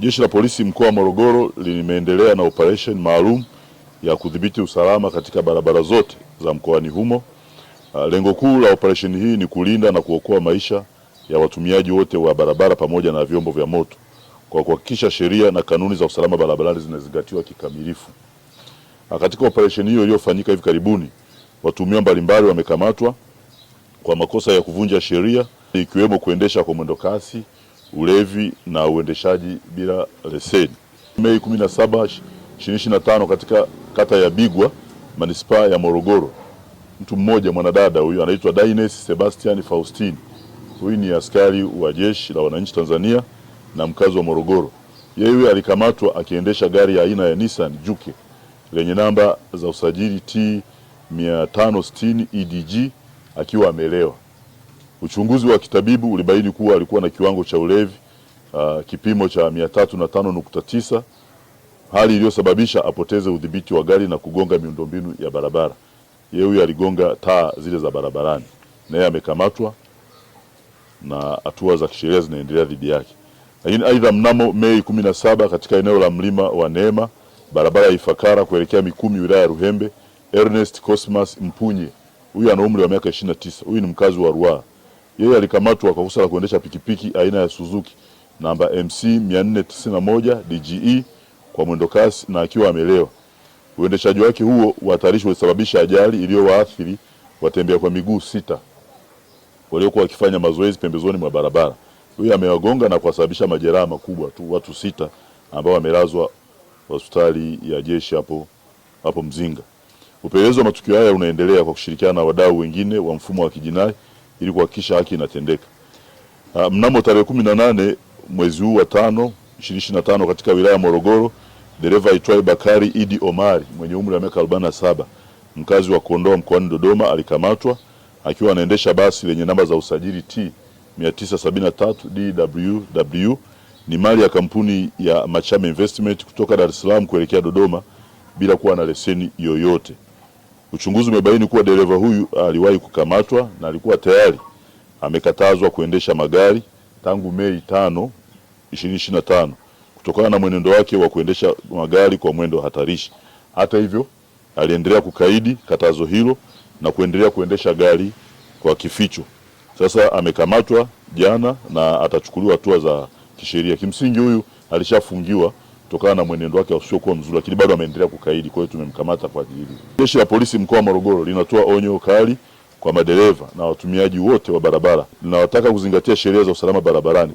Jeshi la Polisi mkoa wa Morogoro limeendelea na operation maalum ya kudhibiti usalama katika barabara zote za mkoani humo. Ah, lengo kuu la operation hii ni kulinda na kuokoa maisha ya watumiaji wote wa barabara pamoja na vyombo vya moto kwa kuhakikisha sheria na kanuni za usalama barabarani zinazingatiwa kikamilifu. Ah, katika operation hiyo iliyofanyika hivi karibuni, watumiwa mbalimbali wamekamatwa kwa makosa ya kuvunja sheria ikiwemo kuendesha kwa mwendo kasi ulevi na uendeshaji bila leseni. Mei 17, 2025 katika kata ya Bigwa manispaa ya Morogoro, mtu mmoja mwanadada huyu anaitwa Dainess Sebastian Faustini. Huyu ni askari wa jeshi la wananchi Tanzania na mkazi wa Morogoro. Yeye alikamatwa akiendesha gari ya aina ya Nissan Juke lenye namba za usajili T 560 EDG akiwa amelewa. Uchunguzi wa kitabibu ulibaini kuwa alikuwa na kiwango cha ulevi uh, kipimo cha 305.9 hali iliyosababisha apoteze udhibiti wa gari na kugonga miundombinu ya barabara. Yeye huyo aligonga taa zile za barabarani, na yeye amekamatwa na hatua za kisheria zinaendelea dhidi yake. Lakini aidha, mnamo Mei 17 katika eneo la mlima wa Neema, barabara ya Ifakara kuelekea Mikumi, wilaya ya Ruhembe, Ernest Cosmas Mpunye, huyu ana umri wa miaka 29, huyu ni mkazi wa Ruaha yeye alikamatwa kwa kosa la kuendesha pikipiki aina ya Suzuki namba MC 491 DGE kwa mwendo kasi na akiwa amelewa. Uendeshaji wake huo wa hatarishi ulisababisha ajali iliyowaathiri watembea kwa miguu sita waliokuwa wakifanya mazoezi pembezoni mwa barabara. Huyo amewagonga na kuwasababisha majeraha makubwa tu watu sita ambao wamelazwa hospitali ya jeshi hapo hapo Mzinga. Upelelezi wa matukio haya unaendelea kwa kushirikiana na wadau wengine wa mfumo wa kijinai ili kuhakikisha haki inatendeka. Uh, mnamo tarehe kumi na nane mwezi huu wa tano 2025 katika wilaya ya Morogoro, dereva aitwaye Bakari Idi Omari mwenye umri wa miaka 47 mkazi wa Kondoa mkoani Dodoma alikamatwa akiwa anaendesha basi lenye namba za usajili T 973 DWW ni mali ya kampuni ya Machame Investment kutoka Dar es Salaam kuelekea Dodoma bila kuwa na leseni yoyote. Uchunguzi umebaini kuwa dereva huyu aliwahi kukamatwa na alikuwa tayari amekatazwa kuendesha magari tangu Mei 5 2025 kutokana na mwenendo wake wa kuendesha magari kwa mwendo hatarishi. Hata hivyo, aliendelea kukaidi katazo hilo na kuendelea kuendesha gari kwa kificho. Sasa amekamatwa jana na atachukuliwa hatua za kisheria. Kimsingi huyu alishafungiwa kutokana na mwenendo wake usiokuwa mzuri, lakini bado ameendelea kukaidi. Kwa hiyo tumemkamata kwa ajili. Jeshi la Polisi mkoa wa Morogoro linatoa onyo kali kwa madereva na watumiaji wote wa barabara, linawataka kuzingatia sheria za usalama barabarani.